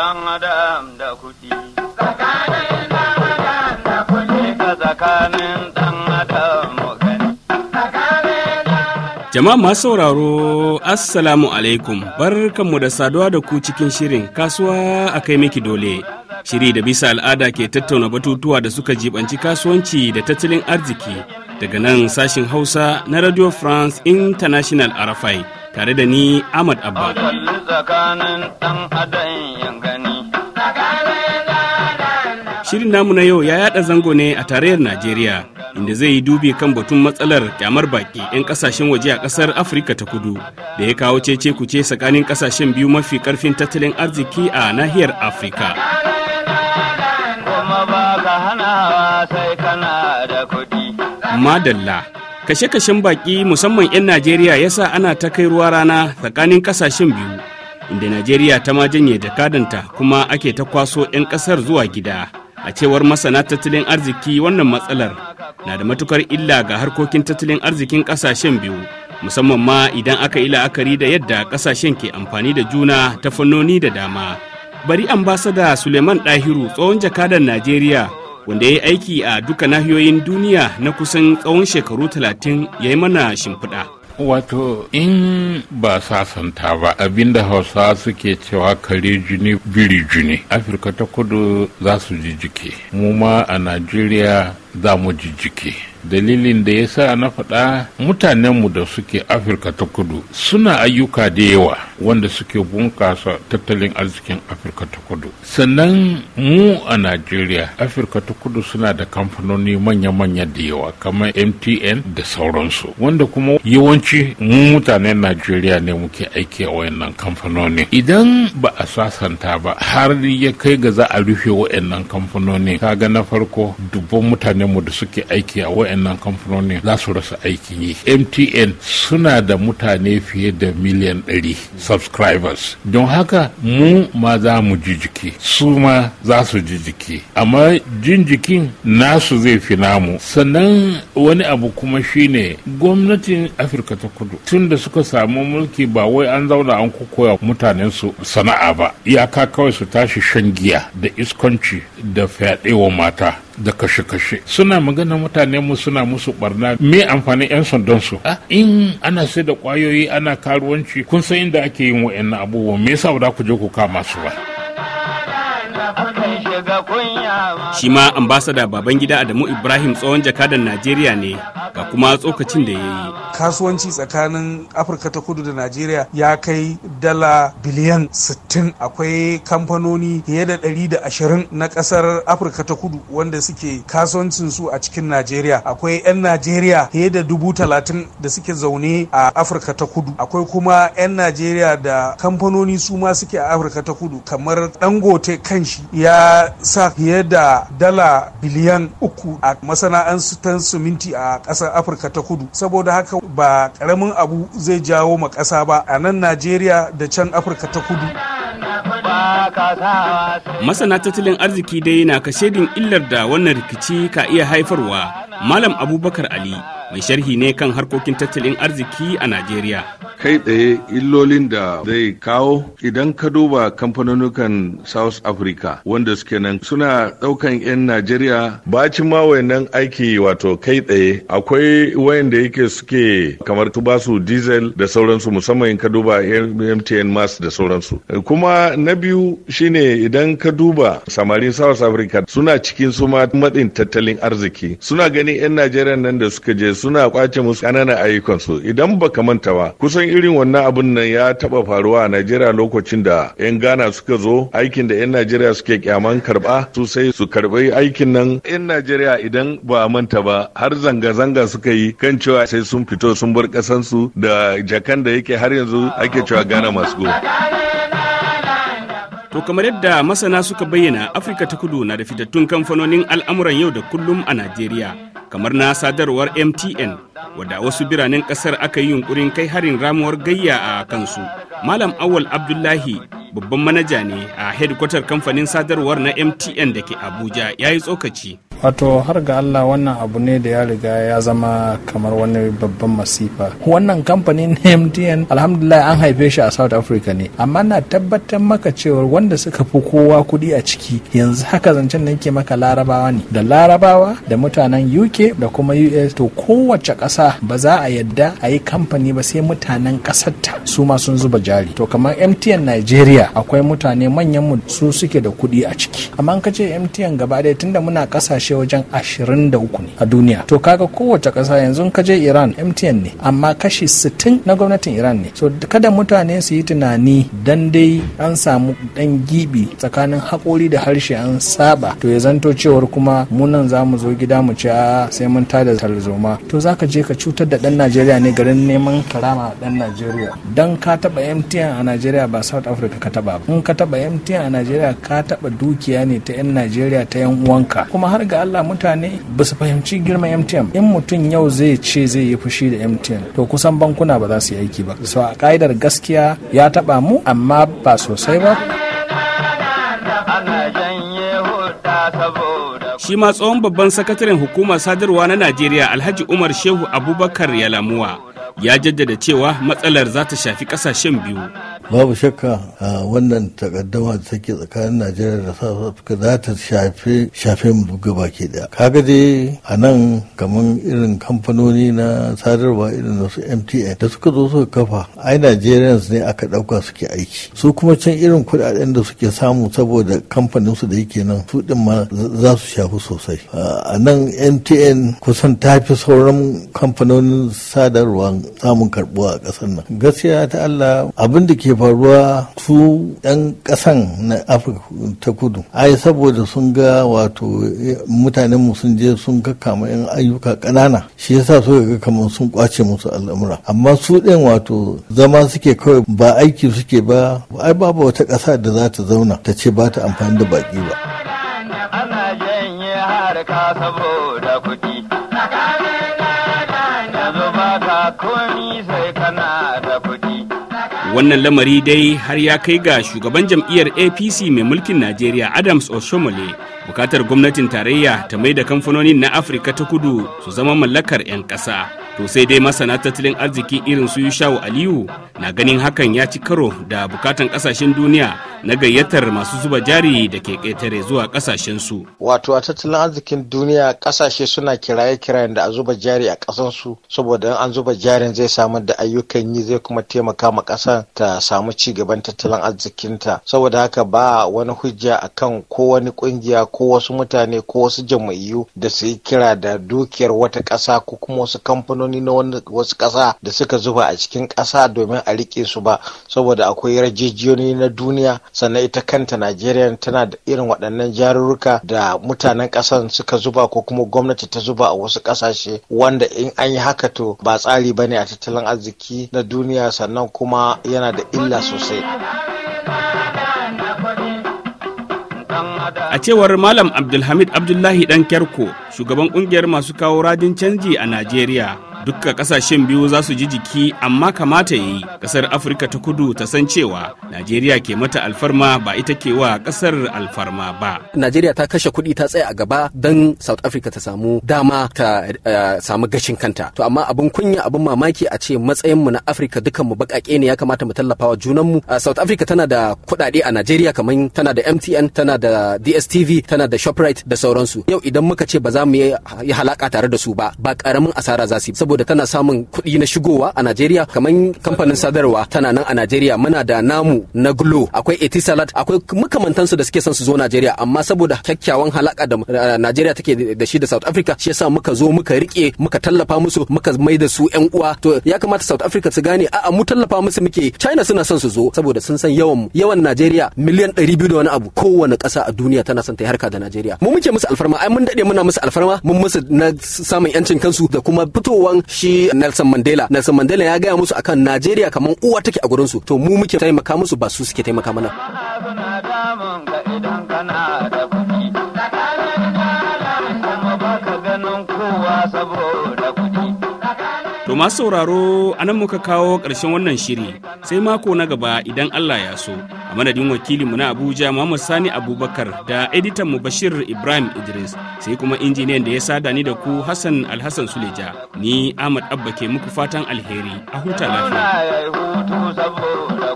dan adam da kuɗi. Tsakanin dan adam da kuɗi. Jama'a masu sauraro, Assalamu alaikum, barkanmu da saduwa da ku cikin shirin kasuwa a kai miki dole. Shiri da bisa al'ada ke tattauna batutuwa da suka jibanci kasuwanci da tattalin arziki daga nan sashin Hausa na Radio France International Arafai tare da ni Ahmad Abba. Shirin namu na yau ya yada zango ne a tarayyar Najeriya inda zai yi dubi kan batun matsalar kyamar baki 'yan kasashen waje a kasar Afirka ta kudu da ya kawo cece kuce tsakanin kasashen biyu mafi karfin tattalin arziki a nahiyar Afirka. Madalla kashe-kashen baki musamman 'yan Najeriya sa ana ta kai ruwa rana tsakanin kasashen biyu inda Najeriya ta ma janye jakadanta kuma ake ta kwaso 'yan kasar zuwa gida. a cewar masana tattalin arziki wannan matsalar na da matukar illa ga harkokin tattalin arzikin kasashen biyu musamman ma idan aka yi la'akari da yadda kasashen ke amfani da juna ta fannoni da dama bari da suleiman dahiru tsohon jakadan najeriya wanda ya yi aiki a duka nahiyoyin duniya na kusan tsawon shekaru talatin ya yi mana shimfiɗa wato in ba sasanta ba abinda hausa suke cewa kare jini biri jini afirka ta kudu za su jijjike mu ma a najeriya za mu jijjike dalilin da ya sa na faɗa mutanenmu da suke afirka ta kudu suna ayyuka da yawa wanda suke bunƙasa tattalin arzikin afirka ta kudu sannan mu a najeriya afirka ta kudu suna da kamfanoni manya-manya da yawa kamar mtn da sauransu wanda kuma yawanci mu mutanen najeriya ne muke aiki a wayannan kamfanoni idan ba a sasanta ba har ya kai ga za a rufe wayannan kamfanoni kaga na farko dubban mutanenmu da suke aiki a wa'annan kamfanonin za su rasa aikin yi mtn suna da mutane fiye da miliyan 100 subscribers don haka mu ma za mu ji jiki su ma za su ji jiki amma jin jikin nasu zai fi namu sannan wani abu kuma shine gwamnatin afirka ta kudu tun da suka samu mulki ba wai an zauna an koya mutanen su sana'a ba iyaka kawai su tashi shan giya da iskonci da fyaɗewa mata da kashe-kashe suna magana mutane mu suna musu barna me amfanin yan sandan su ah. in ana sai da kwayoyi ana karuwanci kun san inda ake yin wa'annan abubuwa me yasa ba za ku je ku kama su ba Shi ma ambasada Babangida Adamu Ibrahim tsohon jakadan Najeriya ne ga kuma tsokacin da ya yi. Kasuwanci tsakanin Afirka ta kudu da Najeriya ya kai dala biliyan 60 akwai kamfanoni fiye da 120 na kasar Afirka ta kudu wanda suke kasuwancin su a cikin Najeriya. Akwai 'yan Najeriya fiye da dubu talatin da suke zaune a Afirka ta kudu. Akwai kuma 'yan Najeriya da kamfanoni su ma suke a Afirka ta kudu kamar Dangote kanshi ya sa fiye da dala biliyan uku a masana'antar siminti a ƙasar afirka ta kudu saboda haka ba ƙaramin abu zai jawo ma ƙasa ba a nan najeriya da can afirka ta kudu masana tattalin arziki dai na din illar da wannan rikici ka iya haifarwa malam abubakar ali mai sharhi ne kan harkokin tattalin arziki a najeriya kai tsaye illolin da zai kawo idan ka duba kamfanonukan South Africa wanda suke nan suna ɗaukan 'yan Najeriya bacin ma wayannan aiki wato kai tsaye akwai wayanda yake suke kamar tubasu diesel da sauransu musamman in ka duba MTN Mass da sauransu. Kuma na biyu shine idan ka duba samarin South Africa suna cikin su ma matsin tattalin arziki suna ganin 'yan Najeriya nan da suka je suna kwace musu ƙananan ayyukansu idan baka manta ba kusan irin wannan abun nan ya taba faruwa a Najeriya lokacin da 'yan Ghana suka zo aikin da 'yan Najeriya suke kyaman karba su sai su karbi aikin nan 'yan Najeriya idan ba a manta ba har zanga-zanga suka yi kan cewa sai sun fito sun bar kasansu da jakan da yake har yanzu ake cewa Ghana masu go. To kamar yadda masana suka bayyana Afirka ta kudu na da fitattun kamfanonin al'amuran yau da kullum a Najeriya. kamar na sadarwar mtn wadda wasu biranen kasar aka yi yunkurin kai harin ramuwar gayya a kansu malam awal abdullahi babban manaja ne a hedkwatar kamfanin sadarwar na mtn da ke abuja ya yi tsokaci wato har ga allah wannan abu ne da ya riga ya zama kamar wani babban masifa wannan kamfanin mtn alhamdulillah an haife shi a south africa ne amma na tabbatar maka cewar wanda suka fi kowa kuɗi a ciki yanzu haka zancen da yake maka larabawa ne da larabawa da mutanen uk da kuma us to kowace ƙasa ba za a yadda a yi kamfani ba sai mutanen ƙasar ta. su ma sun zuba jari to kamar mtn nigeria akwai mutane manyan mu su suke da kuɗi a ciki amma ka ce mtn gaba ɗaya tunda muna ƙasashe kashe wajen 23 ne a duniya to kaga kowace kasa yanzu ka je iran mtn ne amma kashi 60 na gwamnatin iran ne so kada mutane su yi tunani dan dai an samu dan gibi tsakanin hakori da harshe an saba to ya zanto cewar kuma munan za mu zo gida mu ci sai mun tada tarzoma to za ka je ka cutar da dan najeriya ne garin neman karama dan najeriya dan ka taba mtn a najeriya ba south africa ka taba in ka taba mtn a najeriya ka taba dukiya ne ta yan najeriya ta yan uwanka kuma har ga Allah mutane ba su fahimci girma MTN in mutum yau zai ce zai yi fushi da MTN to kusan bankuna ba za su yi aiki ba so a ka'idar gaskiya ya taba mu amma ba sosai ba shi ma tsohon babban sakataren hukumar sadarwa na najeriya alhaji umar shehu abubakar yalamuwa ya jaddada cewa matsalar za ta shafi kasashen biyu babu shakka a wannan takaddama da take tsakanin najeriya da south africa za ta shafe shafe mu gabaki daya kaga dai a nan kamar irin kamfanoni na sadarwa irin wasu mtn da suka zo suka kafa ai nigerians ne aka dauka suke aiki su kuma can irin kudaden da suke samu saboda kamfanin su da yake nan su din ma za su shafi sosai a nan mtn kusan ta fi sauran kamfanonin sadarwa samun karbuwa a kasar nan gaskiya ta allah abin da ke ruwa su ɗan ƙasan na afirka ta kudu ai saboda sun ga wato eh, mutanen mu sun je sun ga kama yan ayyuka ƙanana shi yasa so ga kamar sun kwace musu al'amura amma su ɗin wato zama suke kawai ba aiki suke ba ai babu wata ƙasa da za ta zauna ta ce ba ta amfani da baki ba. wannan lamari dai har ya kai ga shugaban jam'iyyar apc mai mulkin najeriya adams oshomole bukatar gwamnatin tarayya ta mai da kamfanonin na afirka ta kudu su zama mallakar 'yan ƙasa to sai dai masana tattalin arziki irin su yushawu aliyu na ganin hakan ya ci karo da bukatan ƙasashen duniya na gayyatar masu zuba jari da ke ƙetare zuwa ƙasashensu. Wato a tattalin arzikin duniya ƙasashe suna kiraye-kirayen da a zuba jari a ƙasansu saboda in an zuba jarin zai samar da ayyukan yi zai kuma taimaka ma ƙasar ta samu ci gaban tattalin arzikinta. Saboda haka ba wani hujja akan ko wani ƙungiya ko wasu mutane ko wasu jam'iyyu da su yi kira da dukiyar wata ƙasa ko kuma wasu kamfanoni na wasu ƙasa da suka zuba a cikin ƙasa domin a riƙe su ba saboda akwai yarjejeniyoyi na duniya sannan ita kanta najeriya tana da irin waɗannan jarurruka da mutanen ƙasar suka zuba ko kuma gwamnati ta zuba a wasu ƙasashe wanda in an yi haka to ba tsari ba ne a tattalin arziki na duniya sannan kuma yana da illa sosai A cewar Malam Abdulhamid Abdullahi ɗan Kerko, shugaban ƙungiyar masu kawo radin canji a Najeriya, dukka kasashen biyu za su ji jiki amma kamata ya yi kasar afirka ta kudu ta san cewa najeriya ke mata alfarma ba ita ke wa kasar alfarma ba najeriya ta kashe kuɗi ta tsaya a gaba don south africa ta samu dama ta eh, samu gashin kanta to amma abin kunya abin mamaki a ce matsayin mu na afirka mu baƙaƙe ne ya kamata mu tallafa wa mu. south africa tana da kuɗaɗe a najeriya kamar tana da mtn tana da dstv tana da shoprite da sauransu yau idan muka ce ba za mu yi halaka tare da su ba ba ƙaramin asara za su yi saboda tana samun kuɗi na shigowa a Najeriya kamar kamfanin sadarwa tana nan a Najeriya muna da namu na Glo akwai Etisalat akwai su da suke son su zo Najeriya amma saboda kyakkyawan halaka da eh, Najeriya take da shi da South Africa shi yasa muka zo muka rike muka tallafa musu muka mai da su yan uwa to ya kamata South Africa su gane a'a mu tallafa musu muke China suna son su zo saboda sun san yawan yawan Najeriya miliyan 200 da wani abu kowane ƙasa a duniya tana son ta harka da Najeriya mu muke musu alfarma ai mun dade muna musu alfarma mun musu na samun yancin kansu da kuma fitowan shi Nelson Mandela Nelson Mandela ya gaya musu akan Najeriya kamar uwa take a gurin su to mu muke taimaka musu ba su suke taimaka mana masu sauraro a nan muka kawo ƙarshen wannan shiri sai mako na gaba idan Allah ya so. A madadin wakilinmu na Abuja Muhammad Sani Abubakar da editan mu Bashir Ibrahim Idris sai kuma injiniyan da ya sada ni da ku Hassan Alhassan Suleja ni Ahmad Abba ke muku fatan alheri a huta lafiya.